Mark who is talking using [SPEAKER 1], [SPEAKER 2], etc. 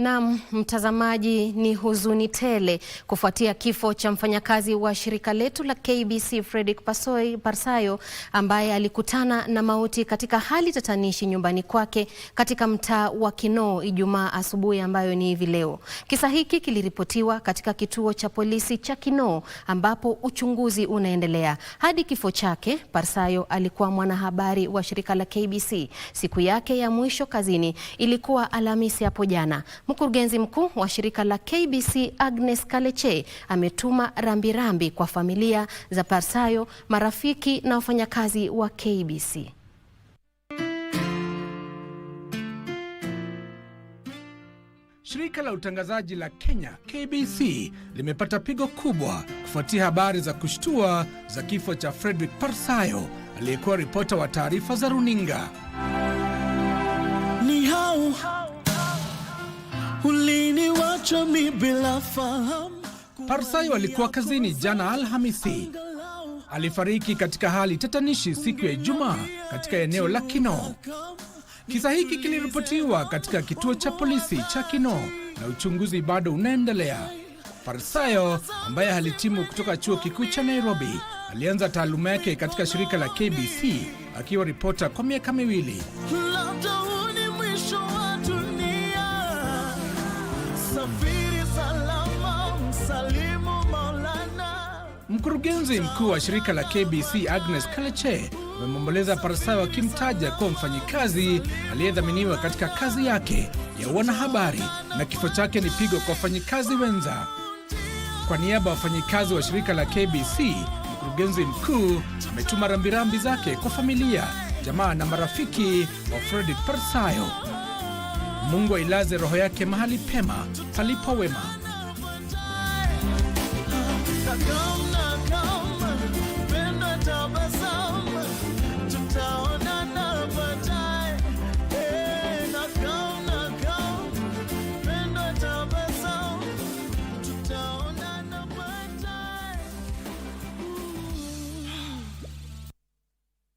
[SPEAKER 1] Naam, mtazamaji, ni huzuni tele kufuatia kifo cha mfanyakazi wa shirika letu la KBC Fredrick Parsayo ambaye alikutana na mauti katika hali tatanishi nyumbani kwake katika mtaa wa Kinoo Ijumaa asubuhi ambayo ni hivi leo. Kisa hiki kiliripotiwa katika kituo cha polisi cha Kinoo ambapo uchunguzi unaendelea. Hadi kifo chake, Parsayo alikuwa mwanahabari wa shirika la KBC. Siku yake ya mwisho kazini ilikuwa Alhamisi hapo jana. Mkurugenzi mkuu wa shirika la KBC Agnes Kaleche ametuma rambirambi rambi kwa familia za Parsayo, marafiki na wafanyakazi wa KBC.
[SPEAKER 2] Shirika la utangazaji la Kenya KBC limepata pigo kubwa kufuatia habari za kushtua za kifo cha Fredrick Parsayo aliyekuwa ripota wa taarifa za runinga. Ni hao uliniwacha mimi bila fahamu. Parsai walikuwa kazini jana Alhamisi. Alifariki katika hali tatanishi siku ya Ijumaa katika eneo la kino Kisa hiki kiliripotiwa katika kituo cha polisi cha kino na uchunguzi bado unaendelea. Parsayo ambaye alitimu kutoka chuo kikuu cha Nairobi alianza taaluma yake katika shirika la KBC akiwa ripota kwa miaka miwili. Safiri salama, msalimu Maulana. Mkurugenzi mkuu wa shirika la KBC Agnes Kaleche amemwomboleza Parasayo akimtaja kuwa mfanyikazi aliyedhaminiwa katika kazi yake ya wanahabari na kifo chake ni pigo kwa wafanyikazi wenza. Kwa niaba ya wafanyikazi wa shirika la KBC, mkurugenzi mkuu ametuma rambirambi zake kwa familia, jamaa na marafiki wa fredi Parasayo. Mungu ailaze roho yake mahali pema palipo wema.